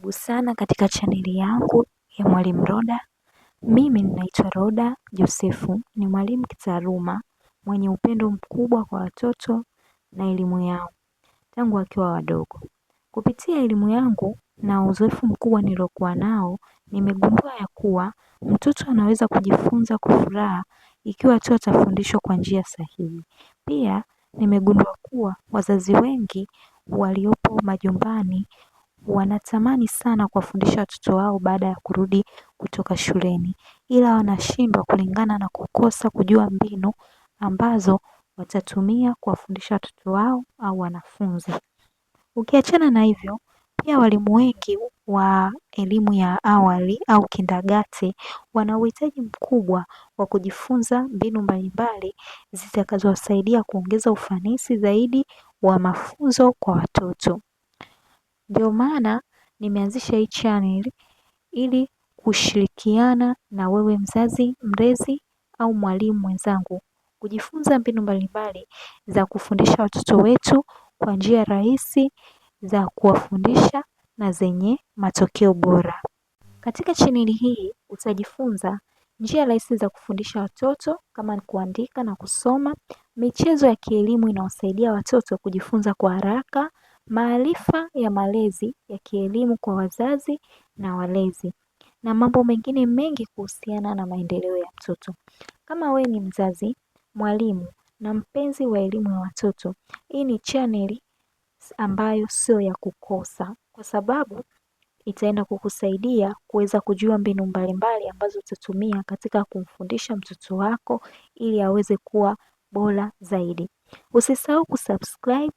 Karibu sana katika chaneli yangu ya Mwalimu Roda. Mimi ninaitwa Roda Josefu, ni mwalimu kitaaluma mwenye upendo mkubwa kwa watoto na elimu yao tangu wakiwa wadogo. Kupitia elimu yangu na uzoefu mkubwa niliokuwa nao, nimegundua ya kuwa mtoto anaweza kujifunza kwa furaha ikiwa tu atafundishwa kwa njia sahihi. Pia nimegundua kuwa wazazi wengi waliopo majumbani Wanatamani sana kuwafundisha watoto wao baada ya kurudi kutoka shuleni, ila wanashindwa kulingana na kukosa kujua mbinu ambazo watatumia kuwafundisha watoto wao au wanafunzi. Ukiachana na hivyo, pia walimu wengi wa elimu ya awali au kindagati wana uhitaji mkubwa wa kujifunza mbinu mbalimbali zitakazowasaidia kuongeza ufanisi zaidi wa mafunzo kwa watoto. Ndio maana nimeanzisha hii channel ili kushirikiana na wewe mzazi, mlezi au mwalimu mwenzangu kujifunza mbinu mbalimbali za kufundisha watoto wetu kwa njia rahisi za kuwafundisha na zenye matokeo bora. Katika chaneli hii utajifunza njia rahisi za kufundisha watoto kama ni kuandika na kusoma, michezo ya kielimu inawasaidia watoto kujifunza kwa haraka, maarifa ya malezi ya kielimu kwa wazazi na walezi na mambo mengine mengi kuhusiana na maendeleo ya mtoto. Kama we ni mzazi, mwalimu na mpenzi wa elimu ya watoto, hii ni chaneli ambayo sio ya kukosa, kwa sababu itaenda kukusaidia kuweza kujua mbinu mbalimbali ambazo utatumia katika kumfundisha mtoto wako ili aweze kuwa bora zaidi. Usisahau kusubscribe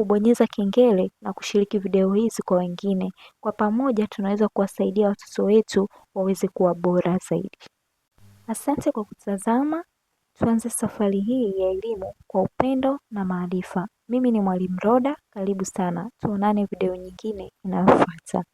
kubonyeza kengele na kushiriki video hizi kwa wengine. Kwa pamoja tunaweza kuwasaidia watoto wetu waweze kuwa bora zaidi. Asante kwa kutazama. Tuanze safari hii ya elimu kwa upendo na maarifa. Mimi ni Mwalimu Roda, karibu sana. Tuonane video nyingine inayofuata.